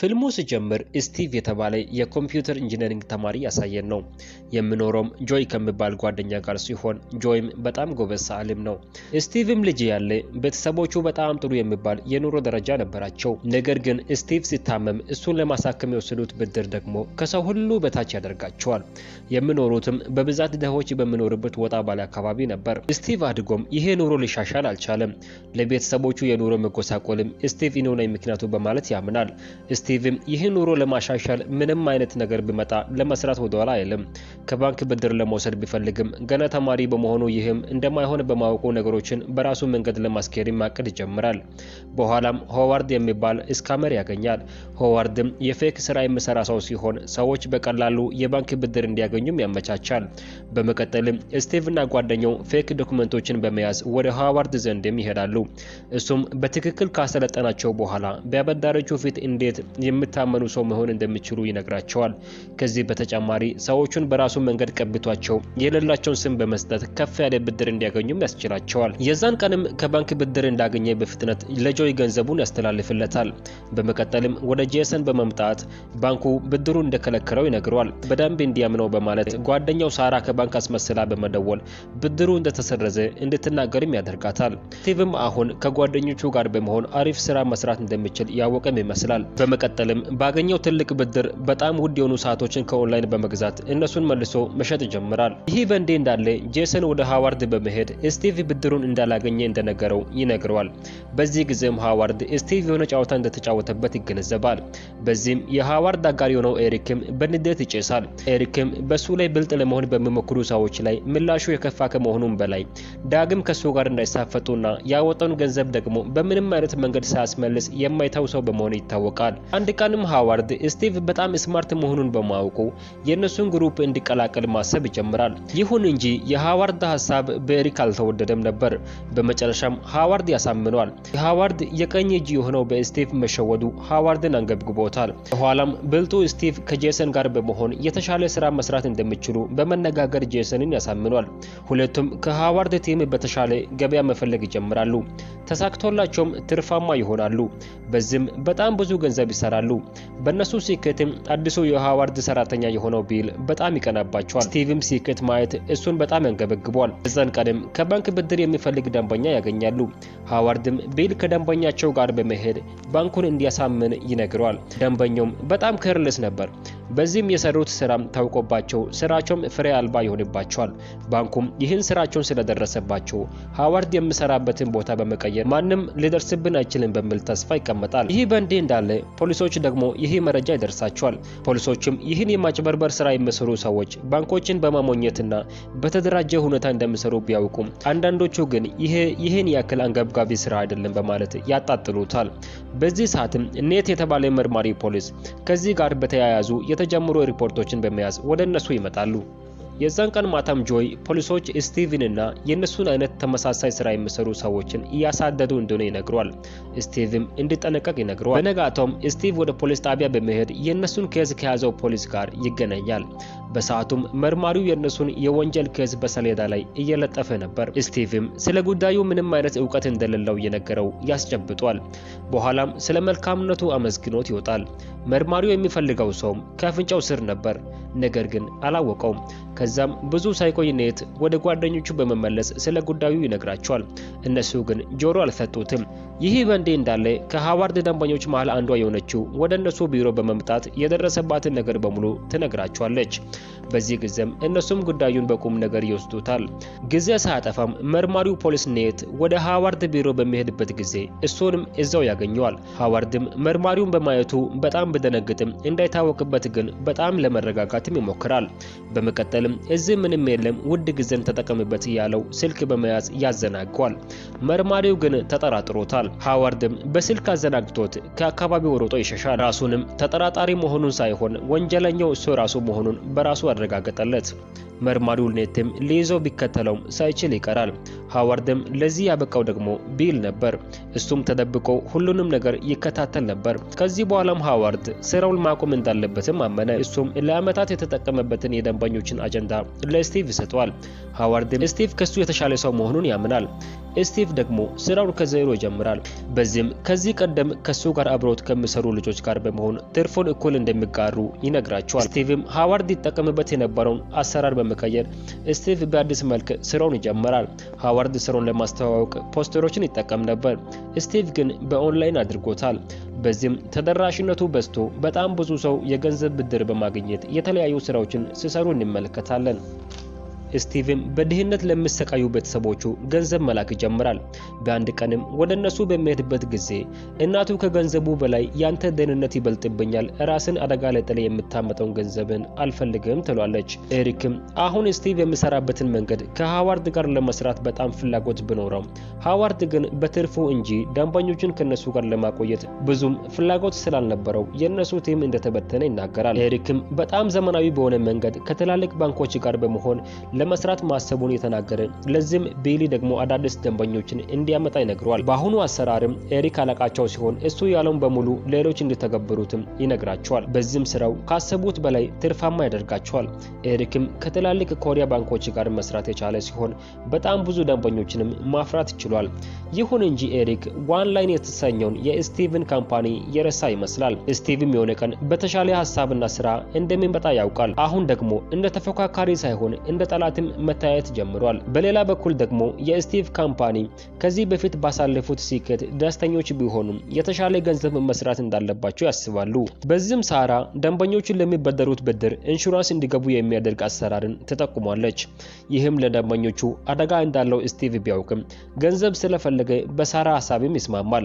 ፊልሙ ሲጀምር ስቲቭ የተባለ የኮምፒውተር ኢንጂነሪንግ ተማሪ ያሳየን ነው። የምኖረውም ጆይ ከሚባል ጓደኛ ጋር ሲሆን ጆይም በጣም ጎበዝ ሰዓሊም ነው። ስቲቭም ልጅ ያለ ቤተሰቦቹ በጣም ጥሩ የሚባል የኑሮ ደረጃ ነበራቸው። ነገር ግን ስቲቭ ሲታመም እሱን ለማሳከም የወሰዱት ብድር ደግሞ ከሰው ሁሉ በታች ያደርጋቸዋል። የሚኖሩትም በብዛት ድሆች በሚኖሩበት ወጣ ባለ አካባቢ ነበር። ስቲቭ አድጎም ይሄ ኑሮ ሊሻሻል አልቻለም። ለቤተሰቦቹ የኑሮ መጎሳቆልም ስቲቭ እኔ ምክንያቱ በማለት ያምናል። ስቲቭም ይህ ኑሮ ለማሻሻል ምንም አይነት ነገር ቢመጣ ለመስራት ወደኋላ አይልም። ከባንክ ብድር ለመውሰድ ቢፈልግም ገና ተማሪ በመሆኑ ይህም እንደማይሆን በማወቁ ነገሮችን በራሱ መንገድ ለማስኬድ ማቀድ ይጀምራል። በኋላም ሆዋርድ የሚባል ስካመር ያገኛል። ሆዋርድም የፌክ ስራ የሚሰራ ሰው ሲሆን ሰዎች በቀላሉ የባንክ ብድር እንዲያገኙም ያመቻቻል። በመቀጠልም ስቲቭና ጓደኛው ፌክ ዶክመንቶችን በመያዝ ወደ ሆዋርድ ዘንድም ይሄዳሉ። እሱም በትክክል ካሰለጠናቸው በኋላ በአበዳሪዎቹ ፊት እንዴት የምታመኑ ሰው መሆን እንደሚችሉ ይነግራቸዋል። ከዚህ በተጨማሪ ሰዎቹን በራሱ መንገድ ቀብቷቸው የሌላቸውን ስም በመስጠት ከፍ ያለ ብድር እንዲያገኙም ያስችላቸዋል። የዛን ቀንም ከባንክ ብድር እንዳገኘ በፍጥነት ለጆይ ገንዘቡን ያስተላልፍለታል። በመቀጠልም ወደ ጄሰን በመምጣት ባንኩ ብድሩ እንደከለከለው ይነግረዋል። በደንብ እንዲያምነው በማለት ጓደኛው ሳራ ከባንክ አስመስላ በመደወል ብድሩ እንደተሰረዘ እንድትናገርም ያደርጋታል። ቲቭም አሁን ከጓደኞቹ ጋር በመሆን አሪፍ ስራ መስራት እንደሚችል ያወቀም ይመስላል። በመቀጠልም ባገኘው ትልቅ ብድር በጣም ውድ የሆኑ ሰዓቶችን ከኦንላይን በመግዛት እነሱን መልሶ መሸጥ ይጀምራል። ይህ በእንዲህ እንዳለ ጄሰን ወደ ሃዋርድ በመሄድ ስቲቭ ብድሩን እንዳላገኘ እንደነገረው ይነግረዋል። በዚህ ጊዜም ሃዋርድ ስቲቭ የሆነ ጨዋታ እንደተጫወተበት ይገነዘባል። በዚህም የሃዋርድ አጋር የሆነው ኤሪክም በንዴት ይጨሳል። ኤሪክም በሱ ላይ ብልጥ ለመሆን በሚሞክሩ ሰዎች ላይ ምላሹ የከፋ ከመሆኑም በላይ ዳግም ከሱ ጋር እንዳይሳፈጡና ያወጣውን ገንዘብ ደግሞ በምንም አይነት መንገድ ሳያስመልስ የማይተው ሰው በመሆኑ ይታወቃል። አንድ ቀንም ሃዋርድ ስቲቭ በጣም ስማርት መሆኑን በማወቁ የእነሱን ግሩፕ እንዲ እንዲቀላቀል ማሰብ ይጀምራል። ይሁን እንጂ የሃዋርድ ሀሳብ በኤሪክ አልተወደደም ነበር። በመጨረሻም ሃዋርድ ያሳምነዋል። የሃዋርድ የቀኝ እጅ የሆነው በስቲቭ መሸወዱ ሃዋርድን አንገብግቦታል። በኋላም ብልጡ ስቲቭ ከጄሰን ጋር በመሆን የተሻለ ስራ መስራት እንደሚችሉ በመነጋገር ጄሰንን ያሳምኗል። ሁለቱም ከሃዋርድ ቲም በተሻለ ገበያ መፈለግ ይጀምራሉ። ተሳክቶላቸውም ትርፋማ ይሆናሉ። በዚህም በጣም ብዙ ገንዘብ ይሰራሉ። በእነሱ ስኬትም አዲሱ የሃዋርድ ሰራተኛ የሆነው ቢል በጣም ይቀናል። ያጠናባቸዋል። ስቲቭም ሲቅት ማየት እሱን በጣም ያንገበግቧል። በዛን ቀደም ከባንክ ብድር የሚፈልግ ደንበኛ ያገኛሉ። ሀዋርድም ቤል ከደንበኛቸው ጋር በመሄድ ባንኩን እንዲያሳምን ይነግረዋል። ደንበኛውም በጣም ከርልስ ነበር። በዚህም የሰሩት ስራም ታውቆባቸው ስራቸውም ፍሬ አልባ ይሆንባቸዋል። ባንኩም ይህን ስራቸውን ስለደረሰባቸው ሀዋርድ የምሰራበትን ቦታ በመቀየር ማንም ሊደርስብን አይችልም በሚል ተስፋ ይቀመጣል። ይህ በእንዲህ እንዳለ ፖሊሶች ደግሞ ይህ መረጃ ይደርሳቸዋል። ፖሊሶችም ይህን የማጭበርበር ስራ የሚሰሩ ሰዎች ባለሙያዎች ባንኮችን በማሞኘትና በተደራጀ ሁኔታ እንደሚሰሩ ቢያውቁም አንዳንዶቹ ግን ይህን ያክል አንገብጋቢ ስራ አይደለም በማለት ያጣጥሉታል። በዚህ ሰዓትም ኔት የተባለ መርማሪ ፖሊስ ከዚህ ጋር በተያያዙ የተጀመሩ ሪፖርቶችን በመያዝ ወደ እነሱ ይመጣሉ። የዛን ቀን ማታም ጆይ ፖሊሶች ስቲቭን እና የእነሱን አይነት ተመሳሳይ ስራ የሚሰሩ ሰዎችን እያሳደዱ እንደሆነ ይነግሯል። ስቲቭም እንዲጠነቀቅ ይነግረዋል። በነጋታውም ስቲቭ ወደ ፖሊስ ጣቢያ በመሄድ የእነሱን ኬዝ ከያዘው ፖሊስ ጋር ይገናኛል። በሰዓቱም መርማሪው የእነሱን የወንጀል ኬዝ በሰሌዳ ላይ እየለጠፈ ነበር። ስቲቭም ስለ ጉዳዩ ምንም አይነት እውቀት እንደሌለው እየነገረው ያስጨብጧል። በኋላም ስለ መልካምነቱ አመስግኖት ይወጣል። መርማሪው የሚፈልገው ሰውም ከአፍንጫው ስር ነበር። ነገር ግን አላወቀውም። ከዛም ብዙ ሳይቆይ ኔት ወደ ጓደኞቹ በመመለስ ስለ ጉዳዩ ይነግራቸዋል። እነሱ ግን ጆሮ አልሰጡትም። ይህ በእንዲህ እንዳለ ከሃዋርድ ደንበኞች መሃል አንዷ የሆነችው ወደ እነሱ ቢሮ በመምጣት የደረሰባትን ነገር በሙሉ ትነግራቸዋለች። በዚህ ጊዜም እነሱም ጉዳዩን በቁም ነገር ይወስዱታል። ጊዜ ሳያጠፋም መርማሪው ፖሊስ ኔት ወደ ሃዋርድ ቢሮ በሚሄድበት ጊዜ እሱንም እዛው ያገኘዋል። ሃዋርድም መርማሪውን በማየቱ በጣም ብደነግጥም እንዳይታወቅበት ግን በጣም ለመረጋጋት ለማለትም ይሞክራል። በመቀጠልም እዚህ ምንም የለም ውድ ጊዜን ተጠቀምበት እያለው ስልክ በመያዝ ያዘናገዋል። መርማሪው ግን ተጠራጥሮታል። ሃዋርድም በስልክ አዘናግቶት ከአካባቢው ሮጦ ይሸሻል። ራሱንም ተጠራጣሪ መሆኑን ሳይሆን ወንጀለኛው እሱ ራሱ መሆኑን በራሱ አረጋገጠለት። መርማሪው ኔትም ሊይዘው ቢከተለውም ሳይችል ይቀራል። ሃዋርድም ለዚህ ያበቃው ደግሞ ቢል ነበር። እሱም ተደብቆ ሁሉንም ነገር ይከታተል ነበር። ከዚህ በኋላም ሃዋርድ ስራውን ማቆም እንዳለበትም አመነ። እሱም ለአመታት የተጠቀመበትን የደንበኞችን አጀንዳ ለስቲቭ ይሰጠዋል። ሃዋርድም ስቲቭ ከሱ የተሻለ ሰው መሆኑን ያምናል። ስቲቭ ደግሞ ስራውን ከዜሮ ይጀምራል። በዚህም ከዚህ ቀደም ከሱ ጋር አብረውት ከሚሰሩ ልጆች ጋር በመሆን ትርፉን እኩል እንደሚጋሩ ይነግራቸዋል። ስቲቭም ሃዋርድ ይጠቀምበት የነበረውን አሰራር በመቀየር ስቲቭ በአዲስ መልክ ስራውን ይጀምራል። ሀዋርድ ስራውን ለማስተዋወቅ ፖስተሮችን ይጠቀም ነበር። ስቲቭ ግን በኦንላይን አድርጎታል። በዚህም ተደራሽነቱ በዝቶ በጣም ብዙ ሰው የገንዘብ ብድር በማግኘት የተለያዩ ስራዎችን ሲሰሩ እንመለከታለን። ስቲቭም በድህነት ለሚሰቃዩ ቤተሰቦቹ ገንዘብ መላክ ይጀምራል። በአንድ ቀንም ወደ እነሱ በሚሄድበት ጊዜ እናቱ ከገንዘቡ በላይ ያንተ ደህንነት ይበልጥብኛል፣ ራስን አደጋ ላይ ጥለህ የምታመጠውን ገንዘብን አልፈልግም ትሏለች። ኤሪክም አሁን ስቲቭ የሚሰራበትን መንገድ ከሃዋርድ ጋር ለመስራት በጣም ፍላጎት ቢኖረው፣ ሃዋርድ ግን በትርፉ እንጂ ደንበኞችን ከነሱ ጋር ለማቆየት ብዙም ፍላጎት ስላልነበረው የእነሱ ቲም እንደተበተነ ይናገራል። ኤሪክም በጣም ዘመናዊ በሆነ መንገድ ከትላልቅ ባንኮች ጋር በመሆን ለመስራት ማሰቡን የተናገረ ለዚህም ቤሊ ደግሞ አዳዲስ ደንበኞችን እንዲያመጣ ይነግረዋል። በአሁኑ አሰራርም ኤሪክ አለቃቸው ሲሆን እሱ ያለውን በሙሉ ሌሎች እንዲተገብሩትም ይነግራቸዋል። በዚህም ስራው ካሰቡት በላይ ትርፋማ ያደርጋቸዋል። ኤሪክም ከትላልቅ ኮሪያ ባንኮች ጋር መስራት የቻለ ሲሆን በጣም ብዙ ደንበኞችንም ማፍራት ችሏል። ይሁን እንጂ ኤሪክ ዋን ላይን የተሰኘውን የስቲቭን ካምፓኒ የረሳ ይመስላል። ስቲቭም የሆነ ቀን በተሻለ ሀሳብና ስራ እንደሚመጣ ያውቃል። አሁን ደግሞ እንደ ተፎካካሪ ሳይሆን እንደ ጠላትም መታየት ጀምሯል። በሌላ በኩል ደግሞ የስቲቭ ካምፓኒ ከዚህ በፊት ባሳለፉት ስኬት ደስተኞች ቢሆኑም የተሻለ ገንዘብ መስራት እንዳለባቸው ያስባሉ። በዚህም ሳራ ደንበኞችን ለሚበደሩት ብድር ኢንሹራንስ እንዲገቡ የሚያደርግ አሰራርን ትጠቁሟለች። ይህም ለደንበኞቹ አደጋ እንዳለው ስቲቭ ቢያውቅም ገንዘብ ስለፈለ እንደፈለገ በሳራ ሀሳብም ይስማማል።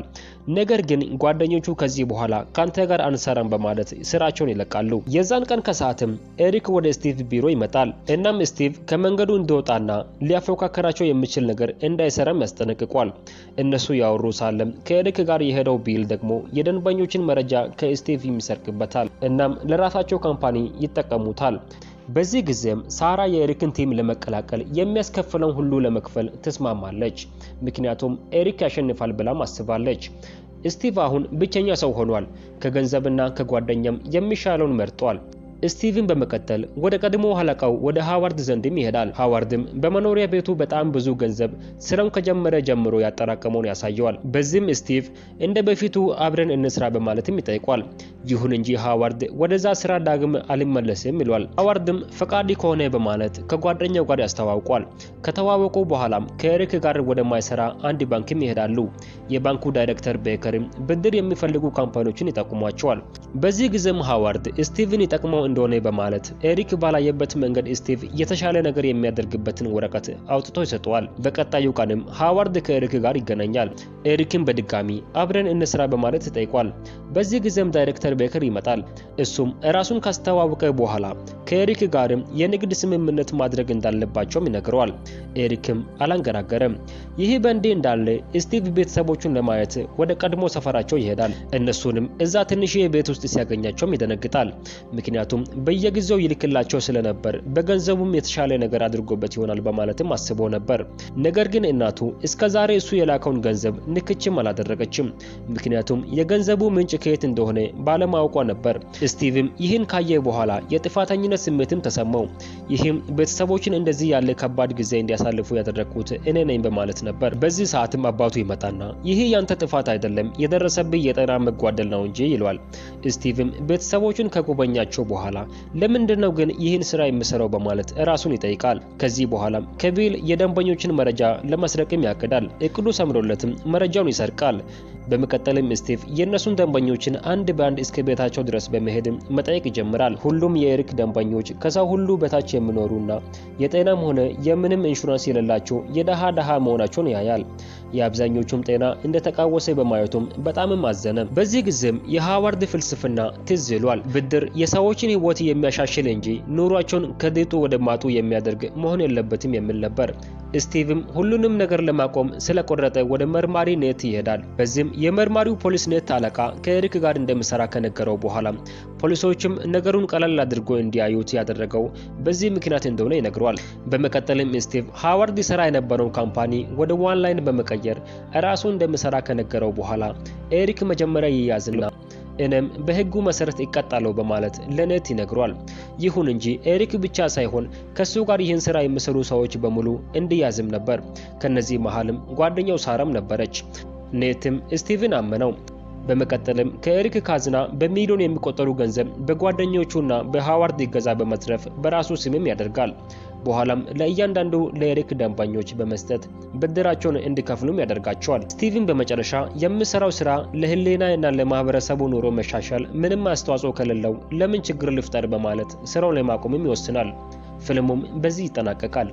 ነገር ግን ጓደኞቹ ከዚህ በኋላ ካንተ ጋር አንሰራም በማለት ስራቸውን ይለቃሉ። የዛን ቀን ከሰዓትም ኤሪክ ወደ ስቲቭ ቢሮ ይመጣል። እናም ስቲቭ ከመንገዱ እንደወጣና ሊያፎካከራቸው የሚችል ነገር እንዳይሰራም ያስጠነቅቋል። እነሱ ያወሩ ሳለም ከኤሪክ ጋር የሄደው ቢል ደግሞ የደንበኞችን መረጃ ከስቲቭ ይሰርቅበታል። እናም ለራሳቸው ካምፓኒ ይጠቀሙታል። በዚህ ጊዜም ሳራ የኤሪክን ቲም ለመቀላቀል የሚያስከፍለውን ሁሉ ለመክፈል ትስማማለች። ምክንያቱም ኤሪክ ያሸንፋል ብላም አስባለች። ስቲቭ አሁን ብቸኛ ሰው ሆኗል። ከገንዘብና ከጓደኛም የሚሻለውን መርጧል። ስቲቭን በመቀጠል ወደ ቀድሞ ሀለቃው ወደ ሃዋርድ ዘንድም ይሄዳል። ሃዋርድም በመኖሪያ ቤቱ በጣም ብዙ ገንዘብ ስራውን ከጀመረ ጀምሮ ያጠራቀመውን ያሳየዋል። በዚህም ስቲቭ እንደ በፊቱ አብረን እንስራ በማለትም ይጠይቋል። ይሁን እንጂ ሃዋርድ ወደዛ ስራ ዳግም አልመለስም ይሏል። ሃዋርድም ፈቃድ ከሆነ በማለት ከጓደኛው ጋር ያስተዋውቋል። ከተዋወቁ በኋላም ከኤሪክ ጋር ወደማይሰራ አንድ ባንክም ይሄዳሉ። የባንኩ ዳይሬክተር ቤከርም ብድር የሚፈልጉ ካምፓኒዎችን ይጠቁሟቸዋል። በዚህ ጊዜም ሃዋርድ ስቲቭን ይጠቅመው እንደሆነ በማለት ኤሪክ ባላየበት መንገድ ስቲቭ የተሻለ ነገር የሚያደርግበትን ወረቀት አውጥቶ ይሰጠዋል። በቀጣዩ ቀንም ሃዋርድ ከኤሪክ ጋር ይገናኛል። ኤሪክን በድጋሚ አብረን እንስራ በማለት ይጠይቋል። በዚህ ጊዜም ዳይሬክተር ፒተር ቤከር ይመጣል። እሱም ራሱን ካስተዋወቀ በኋላ ከኤሪክ ጋርም የንግድ ስምምነት ማድረግ እንዳለባቸውም ይነግረዋል። ኤሪክም አላንገራገረም። ይህ በእንዲህ እንዳለ ስቲቭ ቤተሰቦቹን ለማየት ወደ ቀድሞ ሰፈራቸው ይሄዳል። እነሱንም እዛ ትንሽ ቤት ውስጥ ሲያገኛቸውም ይደነግጣል። ምክንያቱም በየጊዜው ይልክላቸው ስለነበር በገንዘቡም የተሻለ ነገር አድርጎበት ይሆናል በማለትም አስቦ ነበር። ነገር ግን እናቱ እስከ ዛሬ እሱ የላከውን ገንዘብ ንክችም አላደረገችም። ምክንያቱም የገንዘቡ ምንጭ ከየት እንደሆነ ባለማወቋ ነበር። ስቲቭም ይህን ካየ በኋላ የጥፋተኝነት ስሜትም ተሰማው። ይህም ቤተሰቦችን እንደዚህ ያለ ከባድ ጊዜ እንዲያ እንዲያሳልፉ ያደረግኩት እኔ ነኝ በማለት ነበር። በዚህ ሰዓትም አባቱ ይመጣና ይሄ ያንተ ጥፋት አይደለም የደረሰብህ የጤና መጓደል ነው እንጂ ይለዋል። ስቲቭም ቤተሰቦቹን ከጎበኛቸው በኋላ ለምንድን ነው ግን ይህን ስራ የምሰራው በማለት ራሱን ይጠይቃል። ከዚህ በኋላም ከቢል የደንበኞችን መረጃ ለመስረቅም ያቅዳል። እቅዱ ሰምሮለትም መረጃውን ይሰርቃል። በመቀጠልም ስቲቭ የእነሱን ደንበኞችን አንድ በአንድ እስከ ቤታቸው ድረስ በመሄድም መጠየቅ ይጀምራል። ሁሉም የኤሪክ ደንበኞች ከሰው ሁሉ በታች የሚኖሩና የጤናም ሆነ የምንም ኢንሹራንስ የሌላቸው የደሃ ደሃ መሆናቸውን ያያል። የአብዛኞቹም ጤና እንደተቃወሰ በማየቱም በጣምም አዘነ። በዚህ ጊዜም የሃዋርድ ፍልስፍና ትዝ ይሏል። ብድር የሰዎችን ህይወት የሚያሻሽል እንጂ ኑሯቸውን ከድጡ ወደ ማጡ የሚያደርግ መሆን የለበትም የሚል ነበር። ስቲቭም ሁሉንም ነገር ለማቆም ስለቆረጠ ወደ መርማሪ ኔት ይሄዳል። በዚህም የመርማሪው ፖሊስ ኔት አለቃ ከኤሪክ ጋር እንደሚሰራ ከነገረው በኋላ ፖሊሶችም ነገሩን ቀላል አድርጎ እንዲያዩት ያደረገው በዚህ ምክንያት እንደሆነ ይነግረዋል። በመቀጠልም ስቲቭ ሃዋርድ ይሰራ የነበረውን ካምፓኒ ወደ ዋን ላይን ለመቀየር ራሱ እንደምሰራ ከነገረው በኋላ ኤሪክ መጀመሪያ ይያዝና እኔም በህጉ መሰረት ይቀጣለሁ በማለት ለነት ይነግሯል። ይሁን እንጂ ኤሪክ ብቻ ሳይሆን ከሱ ጋር ይህን ስራ የሚሰሩ ሰዎች በሙሉ እንዲያዝም ነበር። ከነዚህ መሃልም ጓደኛው ሳራም ነበረች። ኔትም ስቲቭን አመነው። በመቀጠልም ከኤሪክ ካዝና በሚሊዮን የሚቆጠሩ ገንዘብ በጓደኞቹና በሃዋርድ ይገዛ በመዝረፍ በራሱ ስምም ያደርጋል። በኋላም ለእያንዳንዱ ለኤሪክ ደንበኞች በመስጠት ብድራቸውን እንዲከፍሉም ያደርጋቸዋል። ስቲቭን በመጨረሻ የምሰራው ስራ ለህሊና እና ለማህበረሰቡ ኑሮ መሻሻል ምንም አስተዋጽኦ ከሌለው ለምን ችግር ልፍጠር በማለት ስራውን ለማቆምም ይወስናል። ፊልሙም በዚህ ይጠናቀቃል።